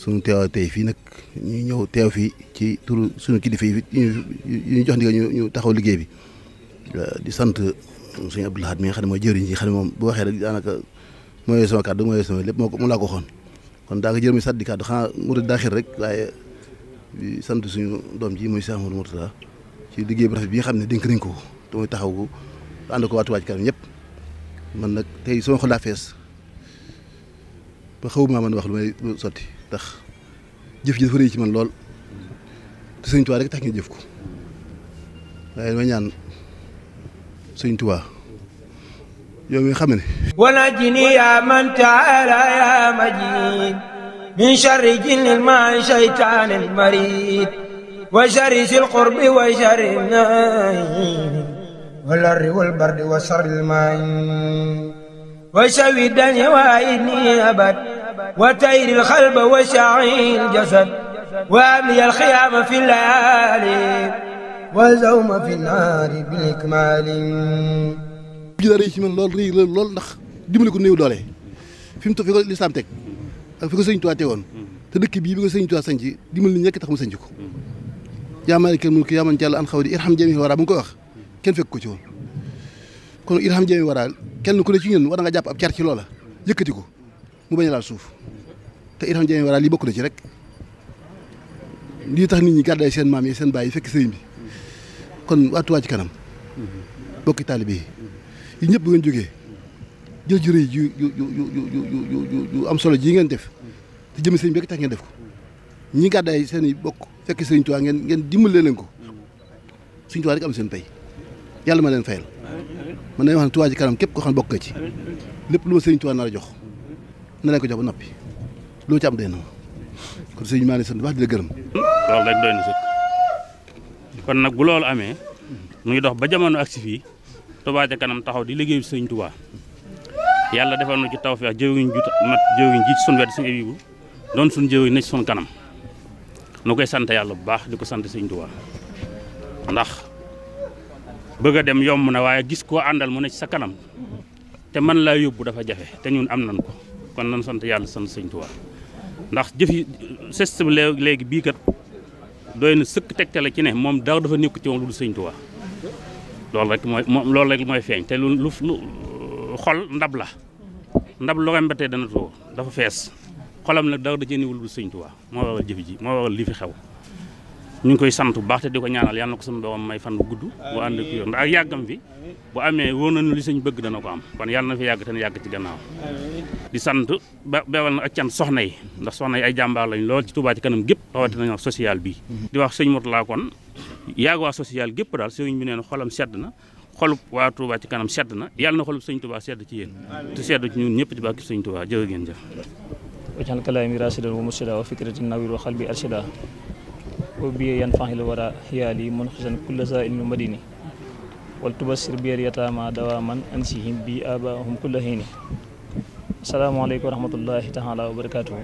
suñu teewaay tey fii nag ñu ñëw teew fii ci turu suñu kilifa yi ñu jox ndigal ñu taxaw liggéey bi euh, di sant suñu Abdou Lahad mi nga xam ne mooy jëriñ yi xam ne moom bu waxee rek daanaka mooy sama kàddu mooy lépp moo ko mu laa ko kon daaka jërëmi sàddi kàddu xanaa murid daaxir rek waaye di sant suñu doom ji muy Cheikh Amadou Mourtada ci liggéey bu rafet bi nga xam ne dénk nañ ko te taxaw ko ànd ko waatu waaj kanam ñëpp man nag tey sama xol fees ba xaw maa wax lu may sotti ndax jëf ji dafa rëy ci man lool te sëñ Tuubaa rek tax ngeen jëf ko waaye damay ñaan sëñ Tuubaa yow mi xam ne wanajini yaa man taala yaa majid min sharri jinnil maa shaytaanil marid wa sharri sil qurbi wa sharri nayi wal arri wal bardi wa sharril mayi وشوي الدنيا wa أبد وتير القلب وشعير الجسد وأملي الخيام في الليالي والزوم في النار بالإكمال jida rëy ci man lool rëy la lool ndax dimbali ko néew doole fi mu toog fi ko lislaam teg ak fi ko sëñ Tuubaa tegoon te dëkk bii bi ko sëñ Tuubaa sanc dimbali ni ñekk tax mu sanc ko yaa maalikal mulki yaa man jàll an xaw wax kenn fekk ko ci woon kon irham jami waraa kenn ku ne ci ñun war nga jàpp ab car ci loola yëkkati ko mu bañ laal suuf te yi jëmee waral lii bokk na ci rek lii tax nit ñi gàddaay seen maam yi seen baay yi fekk sëriñ bi kon waa Touba ci kanam bokki taalibe yi yi ñëpp bu ngeen jógee jël ju rëy ju ju ju ju ju am solo ji ngeen def te jëmi sëriñ bi rek tax ngeen def ko ñi gàddaay seen i bokk fekk sëriñ Touba ngeen ngeen dimbalee leen ko sëriñ Touba rek am seen pay yàlla ma leen fayal. mën nañu wax ne Touba ci kanam képp ko xam ne bokk ci lépp lu ma sëriñ Touba nar a jox na ko jox ba noppi loo ci am day na kon sëñ maa ngi sant baax di gërëm. loolu rek doy kon nag bu loolu amee mu ngi dox ba jamono ak si fii Touba kanam taxaw di liggéeyu sëriñ Touba yàlla defal nu ci tawfeex jëwriñ ju mat jëwriñ ji ci sunu wet suñu ébibu doon suñu jëwriñ ne ci kanam nu koy sant yàlla bu baax di ko sant sëñ Touba ndax. bëgg a dem yomb na waaye gis koo àndal mu ne ci sa kanam te man laa yóbbu dafa jafe te ñun am nañ ko kon nañ sant yàlla sant sëñ Tuubaa ndax jëf yi système léegi bii kat dooy na sëkk la ci ne moom dara dafa nekk ci moom lu dul sëñ Tuubaa loolu rek mooy loolu rek mooy feeñ te lu lu xol ndab la ndab lu rembatee dana tuur dafa fees xolam nag dara da cee niwul lu dul sëñ moo waral jëf ji moo waral li fi xew ñu ngi koy sant bu baax te di ko ñaanal yàlla na ko sama doom may fan bu gudd bu ndax ak yàggam fi bu amee wóor nañu li sañ bëgg dana ko am kon yàlla na fi yàgg te ne yàgg ci gannaaw di sant ba beewal na ak cant soxna yi ndax soxna yi ay jàmbaar lañ lool ci Touba ci kanam gépp rawati nañu wax social bi di wax sëñ Mourtala kon yàgg waa social gépp daal sëñ bi neen xolam sedd na xolub waa Touba ci kanam sedd na yàlla na xolub sëñ Touba sedd ci yéen te sedd ci ñun ñëpp ci bàkki sëñ Touba jërë ngeen jëf wacan kalaami rasidan wa mursida wa fikratin nawir wa وبي ينفع الورى حيالي منخزا كل زائل مديني ولتبصر بي اليتامى دواما انسيهم بي اباهم كل هيني asalaamaaleykum wa rahmatullahi taala wa barakaatu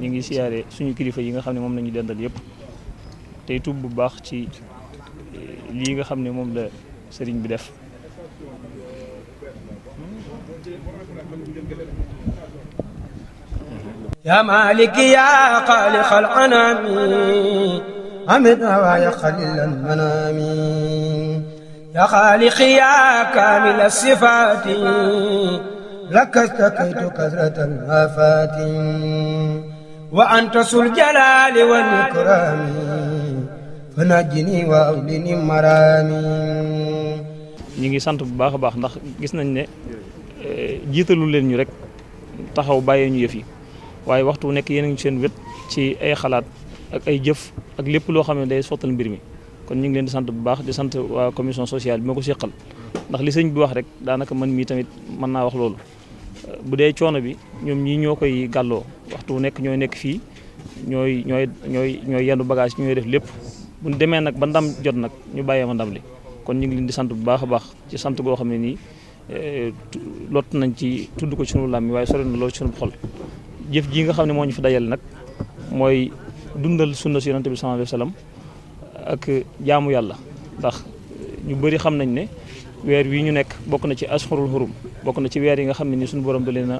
ñu ngi siyaare suñu kilifa yi nga xam ne moom la ñu dendal yëpp tey tub bu baax ci eh, lii nga xam ne moom la sëriñ bi def أمد هواي قليل المنام يا خالقي يا كامل الصفات لك استكيت كثرة الآفات وأنت ذو الجلال والإكرام فنجني وأولني مرامي ñu ngi sant bu baax a baax ndax gis nañ ne e, jiitalu leen ñu rek taxaw bàyyee ñu yëf waaye waxtu nekk yéen a ngi seen wét ci ay xalaat ak ay jëf ak lépp loo xam ne day sottal mbir mi kon ñu ngi leen di sant bu baax di sant waa commission sociale bi ma ko seqal ndax li sëñ bi wax rek daanaka man mii tamit mën naa wax loolu euh, bu dee coono bi ñoom ñii ñoo koy gàlloo waxtu nekk ñooy nekk fii ñooy ñooy ñooy ñooy yendu bagage ñooy def lépp bu ñu demee nag ba ndam jot nag ñu bàyyee ma ndam li kon ñu ngi leen di sant bu baax a baax ci sant goo xam ne nii euh, lot nañ ci tudd ko ci sunu làmmi waaye sori na lool ci sunu xol jëf ji nga xam ne moo ñu fi dajale nag dundal sunna si yonante bi sallallahu alayhi wa sallam ak jaamu yàlla ndax ñu bëri xam nañ ne weer wi ñu nekk bokk na ci asxurul xurum bokk na ci weer yi nga xam ne ni suñu borom da leen a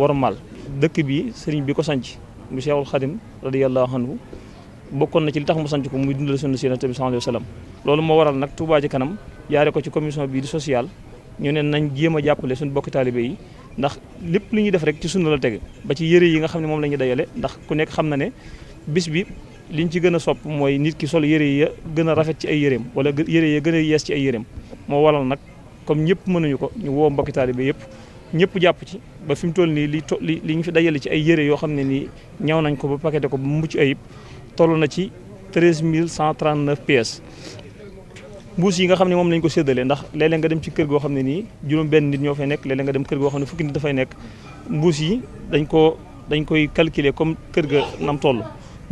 wormaal dëkk bi sëriñ bi ko sanc mu Cheikhul Xadim radiyallahu anhu bokkoon ci tax mu sanc ko muy dundal sunna si yonante bi sallallahu alayhi wa moo waral nag Touba ci kanam jaare ko ci commission bii di ñu ne nañ jéem a jàppale suñu bokki taalibe yi ndax lépp li ñuy def rek ci sunna la teg ba ci yëre yi nga xam ne moom la ñuy dajale ndax ku nekk xam na ne bis bi liñ ci gën a sopp mooy nit ki sol yëre ya gën a rafet ci ay yëreem wala yëre ya gën a yees ci ay yëreem moo waral nag comme ñëpp mënuñu ko ñu woo mbokki taalibe yëpp ñëpp jàpp ci ba fi toll nii li to li li ñu fi dajale ci ay yére yoo xam ne nii ñaw nañ ko ba paqueté ko ba mucc ayib toll na ci treise mille cent 13 139 pièces mbuus yi nga xam ne moom lañ ko séddalee ndax léeg nga dem ci kër goo xam ne nii juróom benn nit ñoo fay nekk léeg nga dem kër goo xam ne fukki nit nekk mbuus yi dañ ko dañ koy calculer comme kër ga nam toll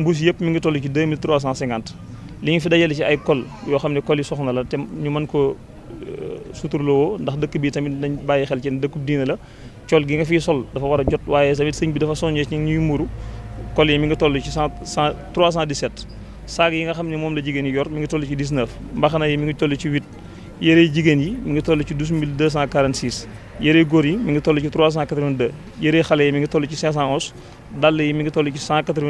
mbuus yëpp mu ngi toll ci deux mille trois cent cinquante li ñu fi dajale ci ay col yoo xam ne col yi soxna la te ñu mën koo euh, suturloo ndax dëkk bi tamit dañ bàyyi xel ci ne dëkkub diina la col gi nga fiy sol dafa war a jot waaye tamit sëñ bi dafa soññee ci ñuy muuru col yi mi ngi toll ci cent cent trois cent dix-sept saag yi nga xam ne moom la jigéen yi yor mi ngi toll ci dix-neuf mbaxana yi mi ngi toll ci huit yére jigéen yi mu ngi toll ci douze mille deux cent quarante six yére góor yi mi ngi toll ci trois cent quatre vingt deux yére xale yi mi ngi toll ci cinq cent onze dàll yi mi ngi toll ci cent quatre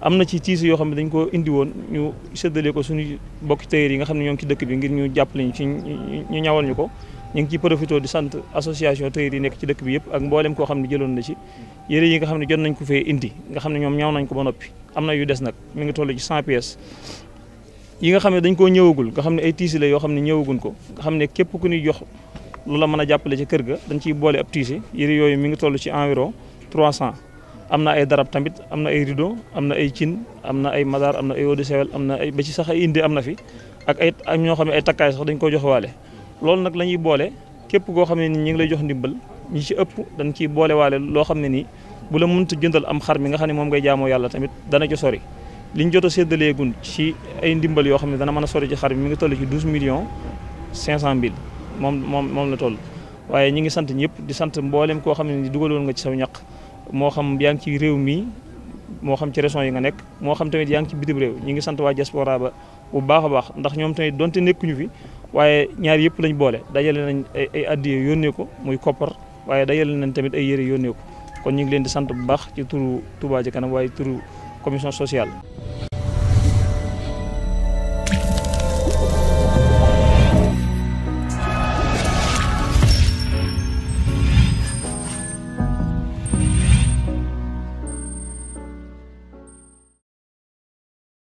am na ci tiis yoo xam ne dañ ko indi woon ñu séddale ko suñu bokki tailleur yi nga xam ne ñoo ngi ci dëkk bi ngir ñu jàppale ñu ci ñu ñawal ñu ko ñu ngi ciy profité di sant association tailleur yi nekk ci dëkk bi yëpp ak mboolem koo xam ne jëloon na ci yére yi nga xam ne jot nañ ko fee indi nga xam ne ñoom ñaw nañ ko ba noppi am na yu des nag mu ngi toll ci cent pièces yi nga xam ne dañ koo ñëwagul nga xam ne ay tiisi la yoo xam ne ñëwagun ko nga xam ne képp ku ñuy jox loola mën a jàppale ci kër ga dañ ciy boole ab tiisi yëre yooyu mi ngi toll ci environ 300 am na ay darab tamit am na ay rideau am na ay cin am na ay madar am na ay eau am na ay ba sax ay indi am na fi ak ak ñoo xam ne ay takkaay dañ ko jox waale loolu nag lañuy boole képp koo xam ne ni ñi ngi lay jox ndimbal ñi ci ëpp dañ ciy boole waale loo xam ne nii bu la mënta jëndal am xar mi nga xam ne moom ngay jaamoo yàlla tamit dana ci sori li ñu jot a ci ay ndimbal yoo xam ne dana mën a sori xar mi mi ngi toll ci douze millions cinq cent mille moom moom la toll. waaye ñi ngi sant ñëpp di sant mboolem koo xam ne ni dugaloon nga ci saw ñaq moo xam yaa ngi ci réew mi moo xam ci région yi nga nekk moo xam tamit yaa ngi ci bitim réew ñi ngi sant waa diaspora ba bu baax a baax ndax ñoom tamit donte nekkuñu fi waaye ñaar yëpp lañ boole dajale nañ ay ay addiye yónnee ko muy koppar waaye dajale nañ tamit ay yëre yónnee ko kon ñu ngi leen di sant bu baax ci turu Touba Ca Kanam waaye turu commission sociale